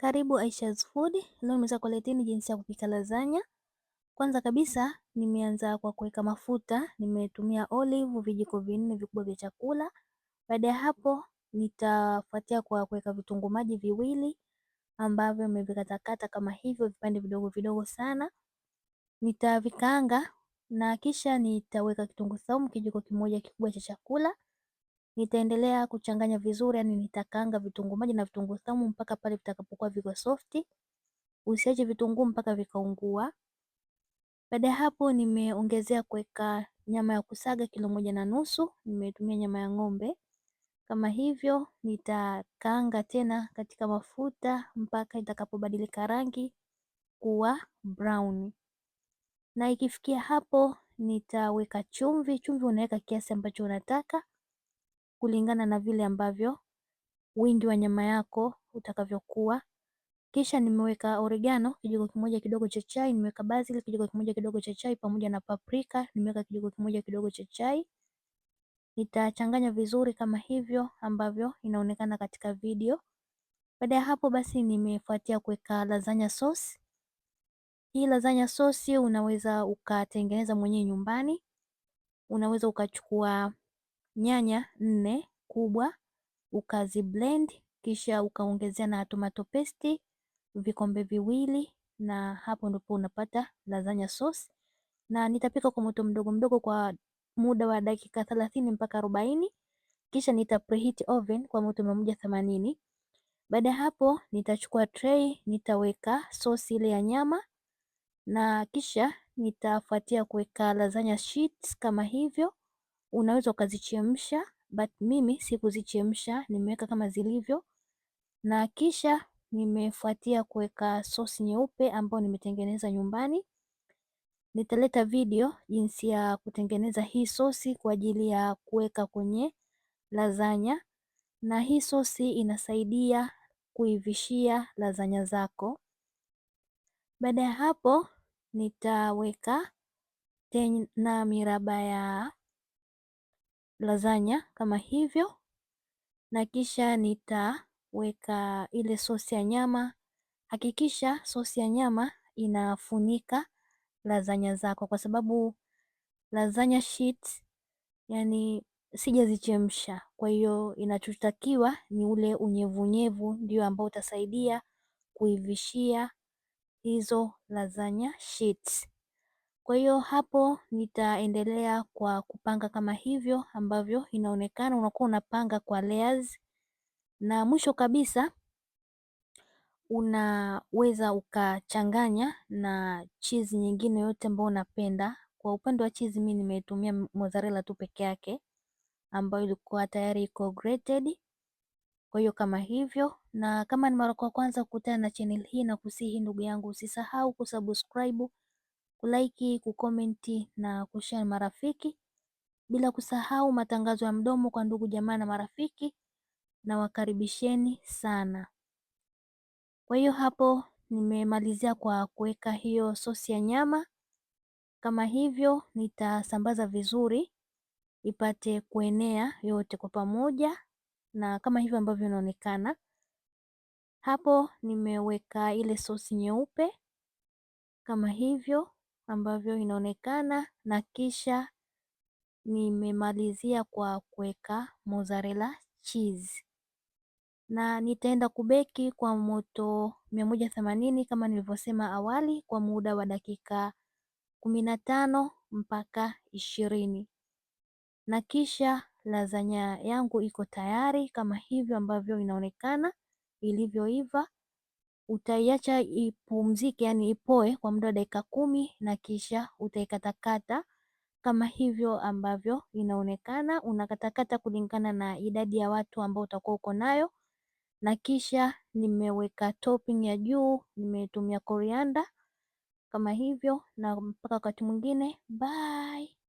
Karibu Aisha's Food. Leo nimeweza kuleteni jinsi ya kupika lasagna. Kwanza kabisa nimeanza kwa kuweka mafuta, nimetumia olive vijiko vinne vikubwa vya chakula. Baada ya hapo nitafuatia kwa kuweka vitunguu maji viwili ambavyo nimevikatakata kama hivyo vipande vidogo vidogo sana. Nitavikaanga na kisha nitaweka kitunguu saumu kijiko kimoja kikubwa cha chakula. Nitaendelea kuchanganya vizuri, yani nitakaanga vitunguu maji na vitunguu saumu mpaka pale vitakapokuwa viko softi. Usiache vitunguu mpaka vikaungua. Baada ya hapo, nimeongezea kuweka nyama ya kusaga kilo moja na nusu. Nimetumia nyama ya ng'ombe kama hivyo. Nitakaanga tena katika mafuta mpaka itakapobadilika rangi kuwa brown, na ikifikia hapo nitaweka chumvi. Chumvi unaweka kiasi ambacho unataka kulingana na vile ambavyo wingi wa nyama yako utakavyokuwa. Kisha nimeweka oregano kijiko kimoja kidogo cha chai, nimeweka basil kijiko kimoja kidogo cha chai pamoja na paprika nimeweka kijiko kimoja kidogo cha chai. Nitachanganya vizuri kama hivyo ambavyo inaonekana katika video. Baada ya hapo basi nimefuatia kuweka lasagna sauce. Hii lasagna sauce unaweza ukatengeneza mwenyewe nyumbani. Unaweza ukachukua nyanya nne kubwa ukazi blend kisha ukaongezea na tomato paste vikombe viwili, na hapo ndipo unapata lasagna sauce, na nitapika kwa moto mdogo mdogo kwa muda wa dakika 30 mpaka 40, kisha nita preheat oven kwa moto 180. Baada ya hapo nitachukua tray, nitaweka sauce ile ya nyama na kisha nitafuatia kuweka lasagna sheets kama hivyo Unaweza ukazichemsha but mimi sikuzichemsha, nimeweka kama zilivyo, na kisha nimefuatia kuweka sosi nyeupe ambayo nimetengeneza nyumbani. Nitaleta video jinsi ya kutengeneza hii sosi kwa ajili ya kuweka kwenye lazanya, na hii sosi inasaidia kuivishia lazanya zako. Baada ya hapo nitaweka tena miraba ya lasagna kama hivyo, na kisha nitaweka ile sosi ya nyama. Hakikisha sosi ya nyama inafunika lasagna zako, kwa sababu lasagna sheet yani sijazichemsha, kwa hiyo inachotakiwa ni ule unyevunyevu, ndio ambao utasaidia kuivishia hizo lasagna sheets. Kwa hiyo hapo nitaendelea kwa kupanga kama hivyo ambavyo inaonekana, unakuwa unapanga kwa layers, na mwisho kabisa unaweza ukachanganya na cheese nyingine yote ambayo unapenda. Kwa upande wa cheese mimi nimetumia mozzarella tu peke yake ambayo ilikuwa tayari iko grated. Kwa hiyo kama hivyo, na kama ni mara kwa kwanza kukutana na channel hii, na kusihi ndugu yangu, usisahau kusubscribe kulike, kukomenti na kushare marafiki, bila kusahau matangazo ya mdomo kwa ndugu jamaa na marafiki, na wakaribisheni sana. Kwa hiyo hapo nimemalizia kwa kuweka hiyo sosi ya nyama kama hivyo, nitasambaza vizuri ipate kuenea yote kwa pamoja, na kama hivyo ambavyo inaonekana hapo. Nimeweka ile sosi nyeupe kama hivyo, ambavyo inaonekana na kisha nimemalizia kwa kuweka mozzarella cheese na nitaenda kubeki kwa moto 180 kama nilivyosema awali kwa muda wa dakika 15 mpaka 20 na kisha lazanya yangu iko tayari kama hivyo ambavyo inaonekana ilivyoiva utaiacha ipumzike, yani ipoe kwa muda wa dakika kumi na kisha utaikatakata kama hivyo ambavyo inaonekana. Unakatakata kulingana na idadi ya watu ambao utakuwa uko nayo, na kisha nimeweka topping ya juu, nimetumia korianda kama hivyo, na mpaka wakati mwingine, bye.